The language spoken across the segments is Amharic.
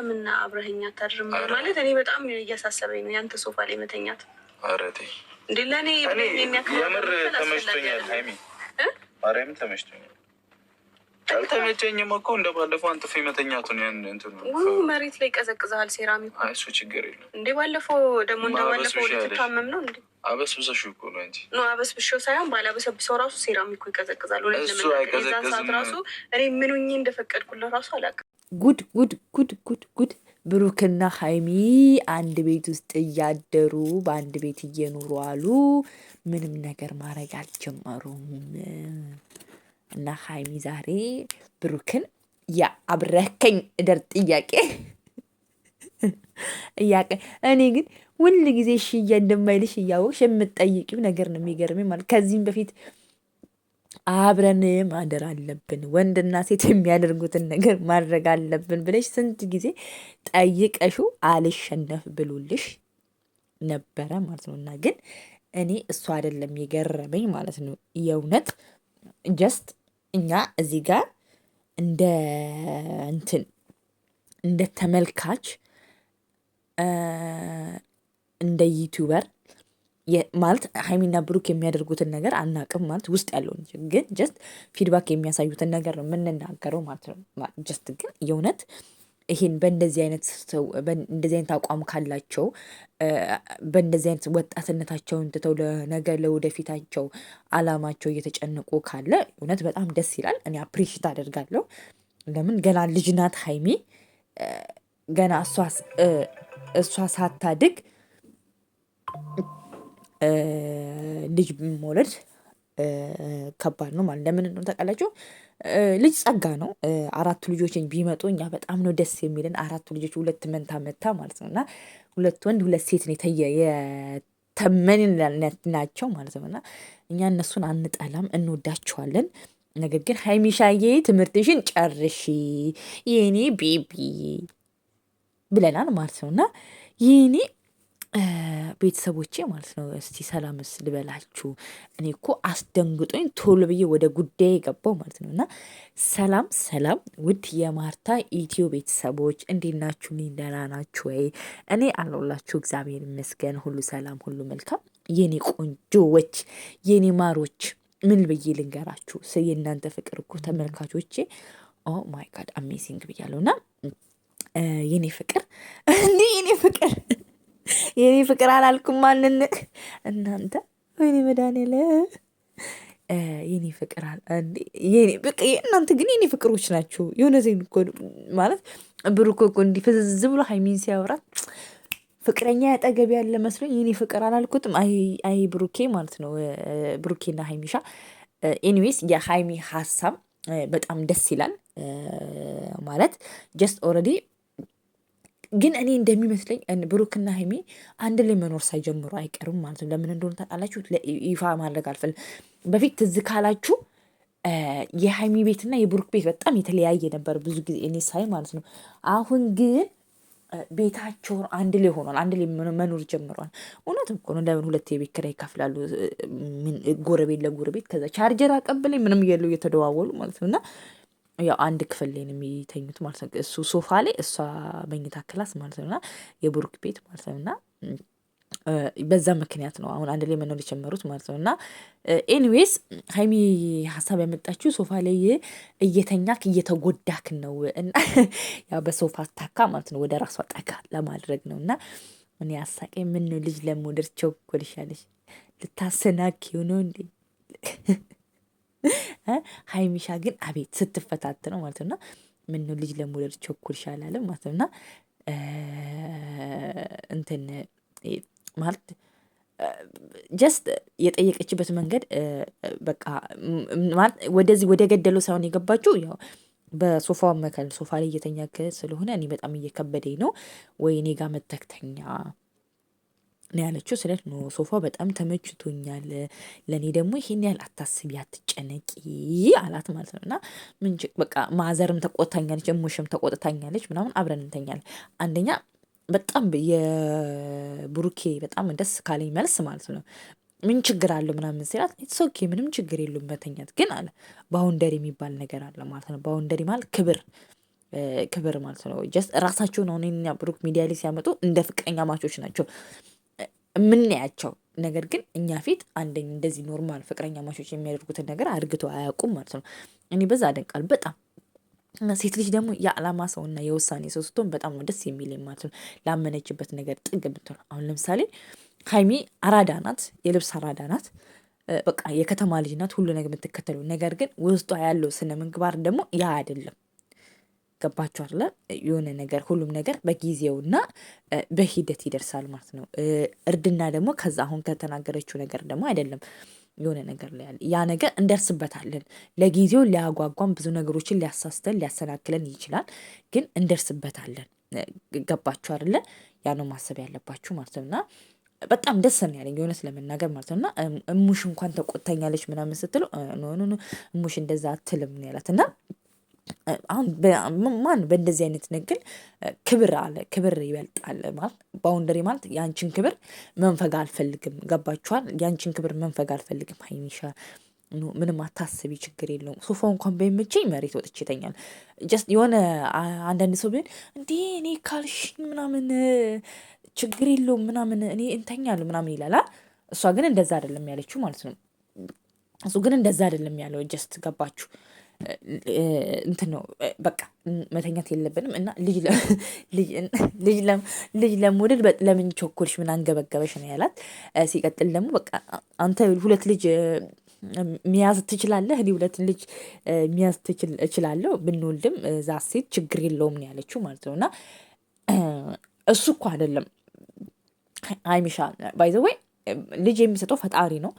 ለምን አብረኸኝ አታድርም? ማለት እኔ በጣም እያሳሰበኝ ነው ያንተ ሶፋ ላይ መተኛት። ኧረ ተይ እንዴ! ለእኔ የምር ተመችቶኛል ሀይሚ፣ ማርያምን ተመችቶኛል። አልተመቸኝም እኮ እንደ ባለፈው አንጥፎ መተኛቱ ነው። ያን እንትን መሬት ላይ ቀዘቅዘሃል። ሴራሚ እሱ ችግር የለም እንዴ። ባለፈው ደግሞ እንደ ባለፈው ልትታመም ነው እንዴ? አበስብሰሽ እኮ ነው እንጂ ኖ አበስብሸው ሳይሆን ባላበሰብሰው ራሱ ሴራሚ እኮ ይቀዘቅዛል። እሱ ሰዓት ራሱ እኔ ምኑኝ እንደፈቀድኩለት ራሱ አላውቅም። ጉድ ጉድ ጉድ ጉድ ጉድ ብሩክና ሀይሚ አንድ ቤት ውስጥ እያደሩ በአንድ ቤት እየኖሩ አሉ። ምንም ነገር ማድረግ አልጀመሩም። እና ሀይሚ ዛሬ ብሩክን የአብረከኝ እደር ጥያቄ እያቀ እኔ ግን ሁል ጊዜ እሺ እንደማይልሽ እያወቅሽ የምትጠይቂው ነገር ነው የሚገርመኝ። ማለት ከዚህም በፊት አብረን ማደር አለብን፣ ወንድና ሴት የሚያደርጉትን ነገር ማድረግ አለብን ብለሽ ስንት ጊዜ ጠይቀሹ አልሸነፍ ብሎልሽ ነበረ ማለት ነው። እና ግን እኔ እሱ አይደለም የገረመኝ ማለት ነው። የእውነት ጀስት እኛ እዚህ ጋር እንደ እንትን እንደ ተመልካች እንደ ዩቱበር ማለት ሀይሚና ብሩክ የሚያደርጉትን ነገር አናቅም ማለት ውስጥ ያለውን ግን ጀስት ፊድባክ የሚያሳዩትን ነገር ነው የምንናገረው ማለት ነው። ጀስት ግን የእውነት ይህን በእንደዚህ አይነት ሰው እንደዚህ አይነት አቋም ካላቸው በእንደዚህ አይነት ወጣትነታቸውን ትተው ለነገ ለወደፊታቸው አላማቸው እየተጨነቁ ካለ እውነት በጣም ደስ ይላል። እኔ አፕሪሽት አደርጋለሁ። ለምን ገና ልጅ ናት ሀይሚ ገና እሷ ሳታድግ ልጅ መውለድ ከባድ ነው ማለት ለምን ነው ታውቃላችሁ? ልጅ ጸጋ ነው። አራቱ ልጆችን ቢመጡ እኛ በጣም ነው ደስ የሚልን። አራቱ ልጆች ሁለት መንታ መታ ማለት ነው እና ሁለት ወንድ ሁለት ሴት ነው የተየ የተመን ናቸው ማለት ነው እና እኛ እነሱን አንጠላም እንወዳቸዋለን። ነገር ግን ሀይሚሻዬ ትምህርትሽን ጨርሺ የኔ ቤቢ ብለናል ማለት ነው እና የኔ ቤተሰቦቼ ማለት ነው እስቲ ሰላምስ ልበላችሁ እኔ እኮ አስደንግጦኝ ቶሎ ብዬ ወደ ጉዳይ የገባው ማለት ነው። እና ሰላም ሰላም ውድ የማርታ ኢትዮ ቤተሰቦች እንዴት ናችሁ? ደህና ናችሁ ወይ? እኔ አለሁላችሁ እግዚአብሔር ይመስገን፣ ሁሉ ሰላም፣ ሁሉ መልካም። የኔ ቆንጆዎች፣ የኔ ማሮች ምን ብዬ ልንገራችሁ? የእናንተ ፍቅር እኮ ተመልካቾቼ፣ ኦ ማይ ጋድ አሜዚንግ ብያለሁ እና የኔ ፍቅር እንዲህ የኔ ፍቅር የኔ ፍቅር አላልኩም ማንን እናንተ ወይኔ መድኃኒዓለም የኔ ፍቅር እናንተ ግን የኔ ፍቅሮች ናችሁ። የሆነ ዜን እኮ ማለት ብሩክ እኮ እንዲህ ፍዝዝ ብሎ ሀይሚን ሲያወራት ፍቅረኛ ያጠገብ ያለ መስሎኝ የኔ ፍቅር አላልኩትም። አይ ብሩኬ ማለት ነው ብሩኬና ሀይሚሻ። ኤኒዌይስ የሀይሚ ሀሳብ በጣም ደስ ይላል ማለት ጀስት ኦልሬዲ ግን እኔ እንደሚመስለኝ ብሩክና ሀይሚ አንድ ላይ መኖር ሳይጀምሩ አይቀርም ማለት ነው። ለምን እንደሆነ ታውቃላችሁ? ይፋ ማድረግ አልፈል በፊት ትዝ ካላችሁ የሀይሚ ቤትና የብሩክ ቤት በጣም የተለያየ ነበር፣ ብዙ ጊዜ እኔ ሳይ ማለት ነው። አሁን ግን ቤታቸውን አንድ ላይ ሆኗል። አንድ ላይ መኖር ጀምረዋል። እውነት እኮ ነው። ለምን ሁለት የቤት ኪራይ ይከፍላሉ? ጎረቤት ለጎረቤት ከዛ ቻርጀር አቀብለኝ ምንም የለው እየተደዋወሉ ማለት ነው እና ያው አንድ ክፍል ላይ ነው የሚተኙት ማለት ነው። እሱ ሶፋ ላይ እሷ መኝታ ክላስ ማለት ነውና የብሩክ ቤት ማለት ነውና በዛ ምክንያት ነው አሁን አንድ ላይ መኖር የጀመሩት ማለት ነው። እና ኤኒዌይስ ሀይሚ ሀሳብ ያመጣችው ሶፋ ላይ እየተኛክ እየተጎዳክ ነው እና ያው በሶፋ ታካ ማለት ነው ወደ ራሷ ጠጋ ለማድረግ ነው እና እኔ አሳቄ ምን ልጅ ለመውደድ ቸኮልሻለሽ? ልታሰናኪው ነው እንዴ? ሀይሚሻ ግን አቤት ስትፈታት ነው ማለት ነውና ምነው ልጅ ለመውለድ ቸኩልሽ አላለም ማለት ነውና እንትን ማለት ጀስት የጠየቀችበት መንገድ በቃ ማለት ወደዚህ ወደ ገደለው ሳይሆን የገባችው ያው በሶፋ መከል ሶፋ ላይ እየተኛክ ስለሆነ እኔ በጣም እየከበደኝ ነው ወይ እኔ ጋር መተክተኛ ነው ያለችው። ስለት ኖ ሶፋ በጣም ተመችቶኛል፣ ለእኔ ደግሞ ይሄን ያህል አታስቢ፣ አትጨነቂ አላት ማለት ነው። እና ምንጭ በቃ ማዘርም ተቆጥታኛለች፣ እሙሽም ተቆጥታኛለች ምናምን አብረን እንተኛለን። አንደኛ በጣም የብሩኬ በጣም ደስ ካለኝ መልስ ማለት ነው ምን ችግር አለው ምናምን ሲላት ኢትስ ኦኬ ምንም ችግር የለውም በተኛት ግን አለ ባውንደሪ የሚባል ነገር አለ ማለት ነው። ባውንደሪ ማለት ክብር ክብር ማለት ነው። ጀስት ራሳቸውን አሁን ብሩክ ሚዲያ ላይ ሲያመጡ እንደ ፍቅረኛ ማቾች ናቸው የምናያቸው ነገር ግን እኛ ፊት አንደኝ እንደዚህ ኖርማል ፍቅረኛ ማሾች የሚያደርጉትን ነገር አድርግቶ አያውቁም ማለት ነው። እኔ በዛ አደንቃል በጣም ሴት ልጅ ደግሞ የዓላማ ሰውና የውሳኔ ሰው ስትሆን በጣም ነው ደስ የሚል ማለት ነው። ላመነችበት ነገር ጥግ ብትሆን አሁን ለምሳሌ ሀይሚ አራዳ ናት፣ የልብስ አራዳ ናት፣ በቃ የከተማ ልጅ ናት፣ ሁሉ ነገር የምትከተለው ነገር ግን ውስጧ ያለው ስነ ምግባር ደግሞ ያ አይደለም። ገባችሁ አለ የሆነ ነገር ሁሉም ነገር በጊዜውና በሂደት ይደርሳል ማለት ነው። እርድና ደግሞ ከዛ አሁን ከተናገረችው ነገር ደግሞ አይደለም የሆነ ነገር ላይ ያለ ያ ነገር እንደርስበታለን። ለጊዜው ሊያጓጓን ብዙ ነገሮችን ሊያሳስተን ሊያሰናክለን ይችላል፣ ግን እንደርስበታለን። ገባችሁ አይደለ? ያ ነው ማሰብ ያለባችሁ ማለት ነው። እና በጣም ደስ ነው ያለኝ የእውነት ለመናገር ማለት ነው። እና እሙሽ እንኳን ተቆጥታኛለች ምናምን ስትለው ኖ ኖ እሙሽ እንደዛ አትልም ነው ያላት እና ማን በእንደዚህ አይነት ነገር ክብር አለ ክብር ይበልጣል ማለት ባውንደሪ ማለት ያንቺን ክብር መንፈግ አልፈልግም። ገባችኋል? ያንቺን ክብር መንፈግ አልፈልግም። ሀይሚሻ ምንም አታስቢ፣ ችግር የለውም። ሶፋ እንኳን በሚመቸኝ መሬት ወጥቼ ይተኛል። ጀስት የሆነ አንዳንድ ሰው ቢሆን እንዴ እኔ ካልሽኝ ምናምን ችግር የለውም ምናምን እኔ እንተኛሉ ምናምን ይላላ እሷ ግን እንደዛ አይደለም ያለችው ማለት ነው። እሱ ግን እንደዛ አይደለም ያለው። ጀስት ገባችሁ? እንትን ነው በቃ መተኛት የለብንም እና ልጅ ለመውለድ ለምን ቸኮልሽ? ምን አንገበገበሽ ነው ያላት። ሲቀጥል ደግሞ በቃ አንተ ሁለት ልጅ ሚያዝ ትችላለህ። እኔ ሁለት ልጅ ሚያዝ እችላለሁ ብንወልድም እዛ ሴት ችግር የለውም ነው ያለችው ማለት ነው። እና እሱ እኮ አይደለም አይሚሻ ወይ ልጅ የሚሰጠው ፈጣሪ ነው።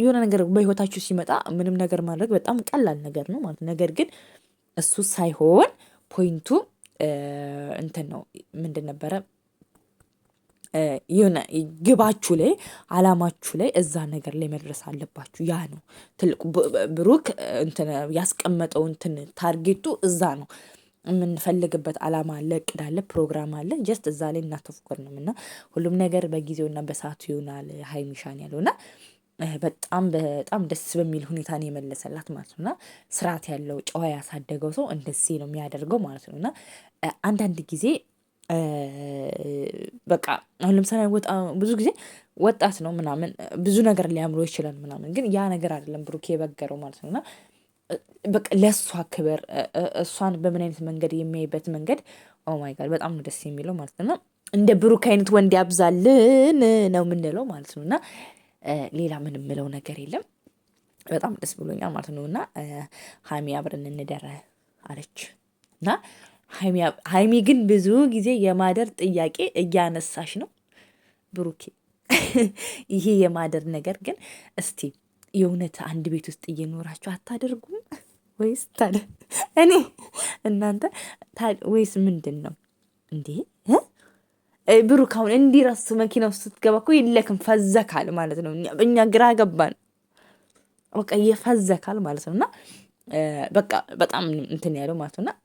የሆነ ነገር በህይወታችሁ ሲመጣ ምንም ነገር ማድረግ በጣም ቀላል ነገር ነው ማለት ነገር ግን እሱ ሳይሆን ፖይንቱ እንትን ነው ምንድን ነበረ የሆነ ግባችሁ ላይ አላማችሁ ላይ እዛ ነገር ላይ መድረስ አለባችሁ። ያ ነው ትልቁ ብሩክ ያስቀመጠው እንትን ታርጌቱ እዛ ነው። የምንፈልግበት አላማ አለ፣ እቅድ አለ፣ ፕሮግራም አለ። ጀስት እዛ ላይ እናተፎክርንም እና ሁሉም ነገር በጊዜውና በሰዓቱ ይሆናል። ሀይሚሻን ያለውና በጣም በጣም ደስ በሚል ሁኔታ ነው የመለሰላት ማለት ነው። እና ስርዓት ያለው ጨዋ ያሳደገው ሰው እንደዚህ ነው የሚያደርገው ማለት ነው። እና አንዳንድ ጊዜ በቃ አሁን ለምሳሌ ብዙ ጊዜ ወጣት ነው ምናምን ብዙ ነገር ሊያምሮ ይችላል ምናምን፣ ግን ያ ነገር አይደለም ብሩኬ የበገረው ማለት ነው እና በቃ ለእሷ ክብር እሷን በምን አይነት መንገድ የሚያይበት መንገድ ኦማይ ጋድ በጣም ነው ደስ የሚለው ማለት ነው። እንደ ብሩክ አይነት ወንድ ያብዛልን ነው የምንለው ማለት ነው። እና ሌላ ምን የምለው ነገር የለም። በጣም ደስ ብሎኛል ማለት ነው። እና ሀሚ አብረን እንደረ አለች እና ሀይሚ ግን ብዙ ጊዜ የማደር ጥያቄ እያነሳሽ ነው ብሩኬ። ይሄ የማደር ነገር ግን እስቲ የእውነት አንድ ቤት ውስጥ እየኖራችሁ አታደርጉም ወይስ ታዲያ እኔ እናንተ ወይስ ምንድን ነው እንዴ? ብሩክ አሁን እንዲህ ራሱ መኪና ውስጥ ስትገባ እኮ የለክም ፈዘካል ማለት ነው። እኛ ግራ ገባን። በቃ የፈዘካል ማለት ነው። እና በቃ በጣም እንትን ያለው ማለት ነው። ነውና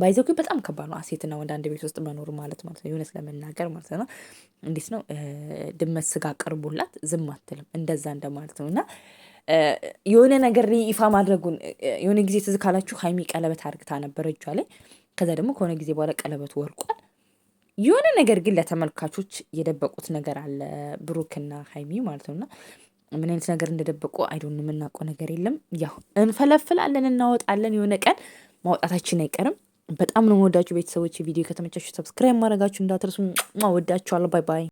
ባይዘው ግን በጣም ከባድ ነው። ሴትና ወንድ አንድ ቤት ውስጥ መኖሩ ማለት ማለት ነው የእውነት ለመናገር ማለት ነው። እንዴት ነው ድመት ስጋ ቀርቦላት ዝም አትልም፣ እንደዛ እንደማለት ነው። እና የሆነ ነገር ይፋ ማድረጉን የሆነ ጊዜ ትዝ ካላችሁ ሀይሚ ቀለበት አርግታ ነበረ እጇ ላይ። ከዛ ደግሞ ከሆነ ጊዜ በኋላ ቀለበቱ ወርቋል። የሆነ ነገር ግን ለተመልካቾች የደበቁት ነገር አለ ብሩክና ሀይሚ ማለት ነው እና ምን አይነት ነገር እንደደበቁ አይዶን የምናውቀው ነገር የለም። ያው እንፈለፍላለን፣ እናወጣለን የሆነ ቀን ማውጣታችን አይቀርም። በጣም ነው የምወዳችሁ ቤተሰቦች። ቪዲዮ ከተመቻችሁ ሰብስክራይብ ማድረጋችሁ እንዳትረሱ። ወዳችኋለሁ። ባይ ባይ።